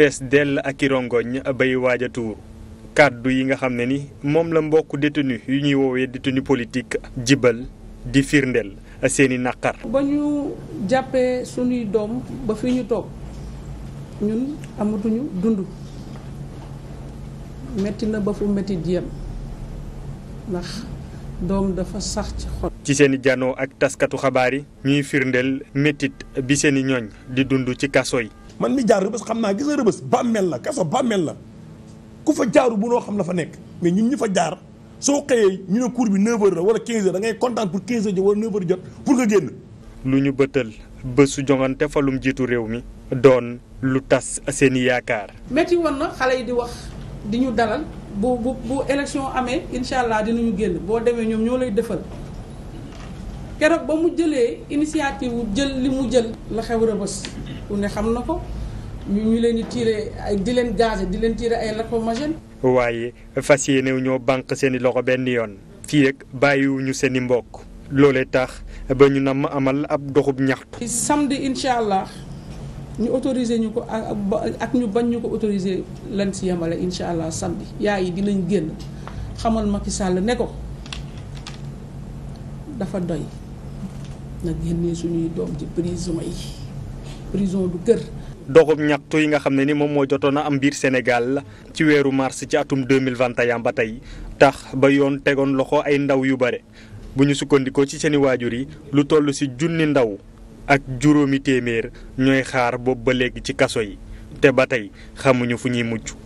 fees dell ak i rongoñ bay waaj tuur kàddu yi nga xam ne ni moom la mbokk détenu yu ñuy woowee détenu politique jibal di firndeel seeni naqar ba ñu jàppee sunuy doom ba fi ñu toog ñun amatuñu dund metti na ba fu metti yem ndax doom dafa sax ci xol janoo ak taskatu xabaar yi ñuy firndeel métit bi seeni i ñooñ di dund ci kaso yi man mi jaar rëbës xam naa gis nga rëbës bàmmeel la kaso bàmmeel la ku fa jaaru bu noo xam la fa nekk mais ñun ñi fa jaar soo xëyee ñu ne cours bi 9h la wala 15h da ngay kontaan pour 15h jot wala 9 jot pour nga génn. lu ñu bëttal bësu jongante falum jiitu réew mi doon lu tas seen i yaakaar. métti woon na xale yi di wax di ñu dalal bu bu bu amee incha allah dinañu génn boo demee ñoom ñoo lay defal keroog ba mu jëlee initiative jël li mu jël la ku ne xam na ko ñu ñu leen di tiire ay di leen gazé di leen tiire ay lacrymogène waaye fas yéene ñoo bànq seeni loxo benn yoon fii rek bàyyiwuñu seen i mbokk loolee tax ba ñu namm amal ab doxub ñaxtu. samedi incha allah ñu autorisé ñu ko ak ñu bañ ñu ko autorisé lan si yemale incha allah samedi yaay yi dinañ génn xamal ki sàll ne ko dafa doy na génnee suñuy doom ci prison yi. prison du ñaxtu yi nga xam ne ni moom moo jotoon a am biir Sénégal ci weeru mars ci atum 2021 ba tey tax ba yoon tegoon loxo ay ndaw yu bare bu ñu sukkandikoo ci seeni waajur yi lu toll ci junni ndaw ak juróomi téeméer ñooy xaar boobu ba léegi ci kaso yi te ba tey xamuñu fu ñuy mujj.